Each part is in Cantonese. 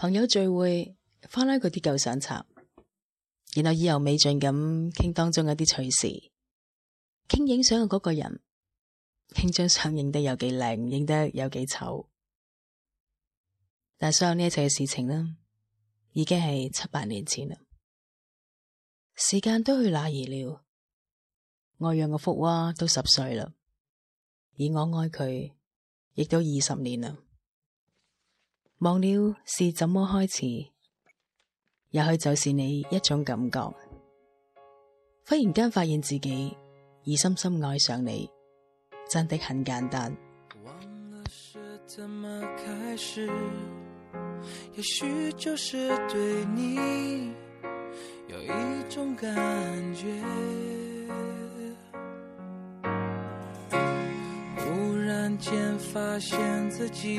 朋友聚會，翻返佢啲舊相冊，然後意猶未盡咁傾當中一啲趣事，傾影相嘅嗰個人，傾張相影得有幾靚，影得有幾醜。但係所有呢一切嘅事情呢，已經係七八年前啦。時間都去哪兒了？我養嘅福娃都十歲啦，而我愛佢，亦都二十年啦。忘了是怎麼開始，也許就是對你有一種感覺，忽然間發現自己已深深愛上你，真的很簡單。忘了是怎麼開始，也許就是對你有一種感覺，忽然間發現自己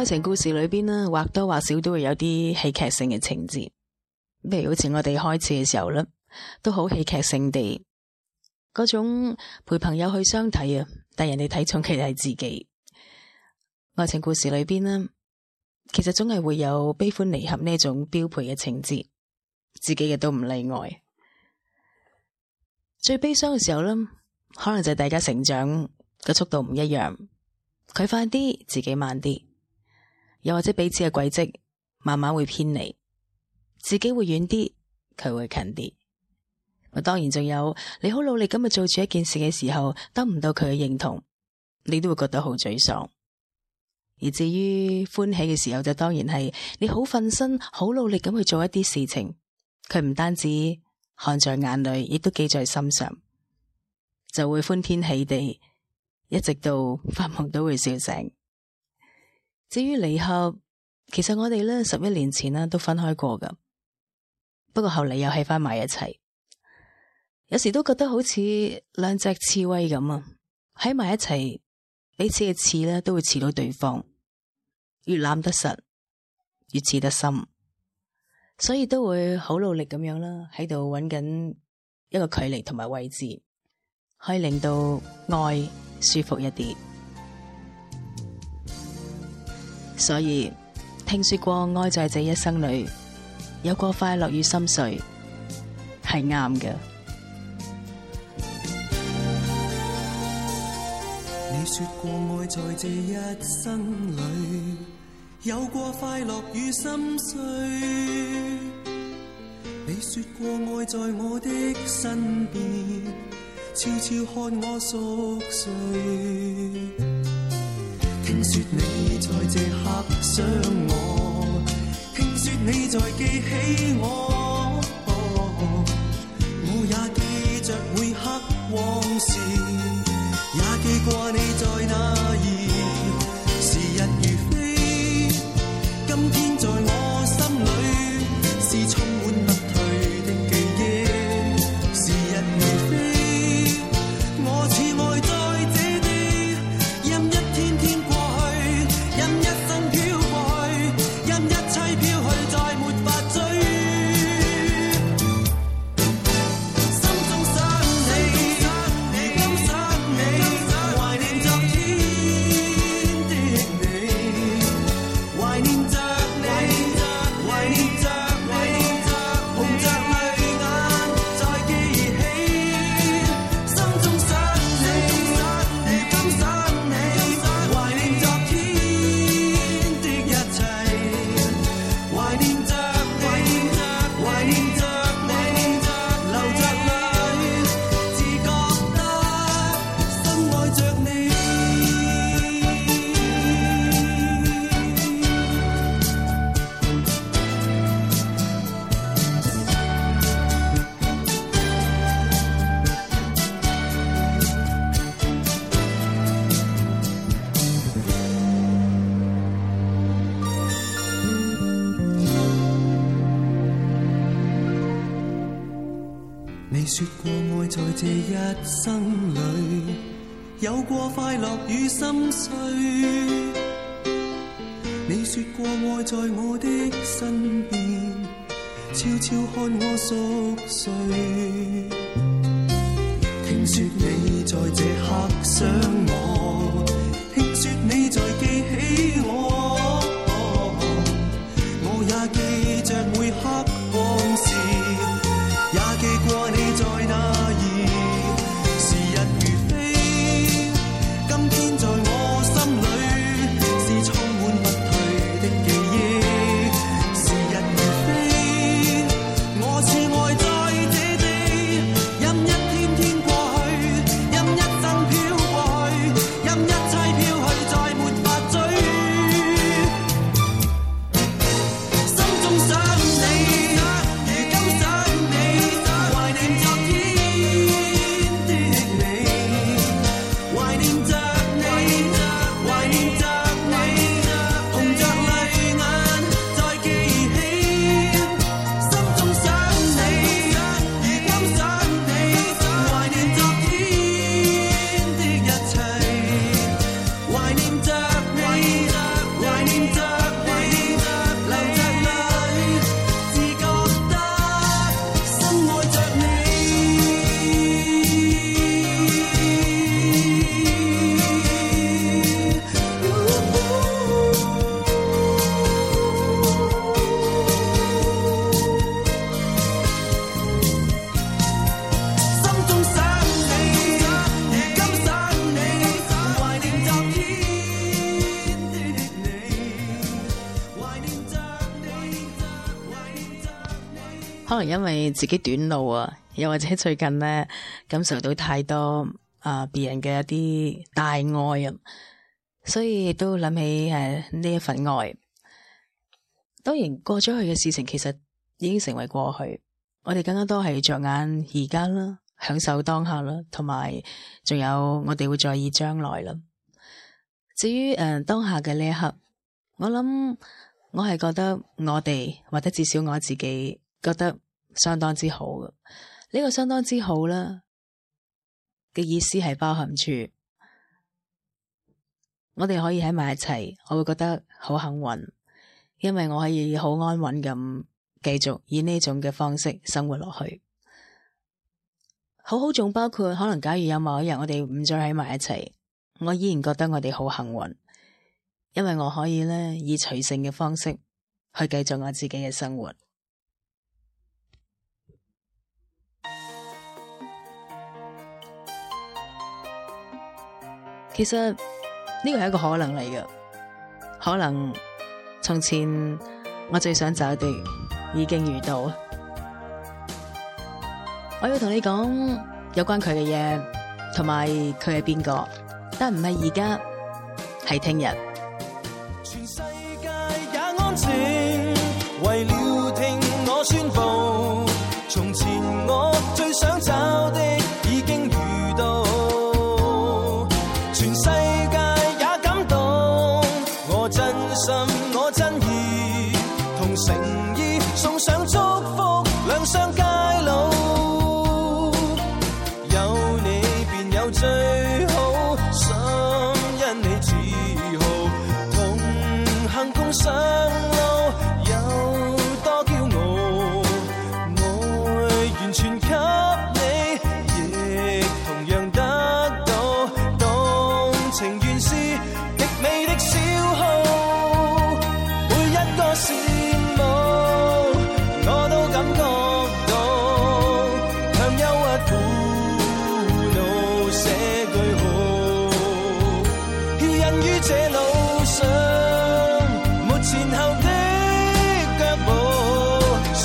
愛情故事裏邊呢，或多或少都會有啲戲劇性嘅情節，譬如好似我哋開始嘅時候啦，都好戲劇性地嗰種陪朋友去相睇啊。但人哋睇重其實係自己愛情故事裏邊呢，其實總係會有悲歡離合呢種標配嘅情節，自己嘅都唔例外。最悲傷嘅時候呢，可能就係大家成長嘅速度唔一樣，佢快啲，自己慢啲。又或者彼此嘅軌跡慢慢會偏離，自己會遠啲，佢會近啲。啊，當然仲有，你好努力咁去做住一件事嘅時候，得唔到佢嘅認同，你都會覺得好沮喪。而至於歡喜嘅時候，就當然係你好瞓身，好努力咁去做一啲事情，佢唔單止看在眼裏，亦都記在心上，就會歡天喜地，一直到發夢都會笑醒。至於離合，其實我哋咧十一年前都分開過噶，不過後嚟又喺翻埋一齊。有時都覺得好似兩隻刺蝟咁啊，喺埋一齊彼此嘅刺咧都會刺到對方，越攬得實越刺得深，所以都會好努力咁樣啦，喺度揾緊一個距離同埋位置，可以令到愛舒服一啲。所以，聽説過愛在這一生裏有過快樂與心碎，係啱嘅。你説過愛在這一生裏有過快樂與心碎，你説過愛在我的身邊，悄悄看我熟睡。聽説你在這刻想我，聽説你在記起我，我、哦哦、也記着每刻往事。你說過愛在這一生裏，有過快樂與心碎。你說過愛在我的身邊，悄悄看我熟睡。聽說你在這刻想我。可能因為自己短路啊，又或者最近呢，感受到太多啊別人嘅一啲大愛啊，所以都諗起誒呢一份愛。當然過咗去嘅事情，其實已經成為過去。我哋更加多係着眼而家啦，享受當下啦，同埋仲有我哋會在意將來啦。至於誒、呃、當下嘅呢一刻，我諗我係覺得我哋或者至少我自己。覺得相當之好嘅，呢個相當之好啦嘅意思係包含住我哋可以喺埋一齊，我會覺得好幸運，因為我可以好安穩咁繼續以呢種嘅方式生活落去。好好仲包括可能，假如有某一日我哋唔再喺埋一齊，我依然覺得我哋好幸運，因為我可以咧，以隨性嘅方式去繼續我自己嘅生活。其實呢個係一個可能嚟嘅，可能從前我最想找的已經遇到。我要同你講有關佢嘅嘢，同埋佢係邊個，但唔係而家，係聽日。全世界也安靜，為了聽我宣佈，從前我最想找。最好，心因你自豪，同行共生。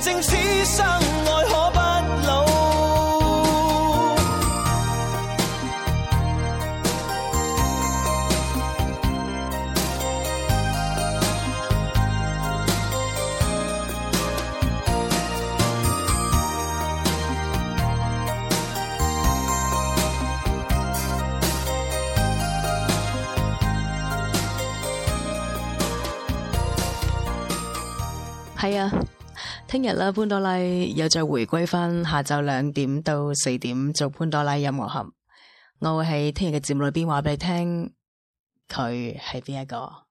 正此相愛。聽日啦，潘多拉又再回歸返，下晝兩點到四點做潘多拉音樂盒，我會喺聽日嘅節目裏邊話畀你聽，佢係邊一個。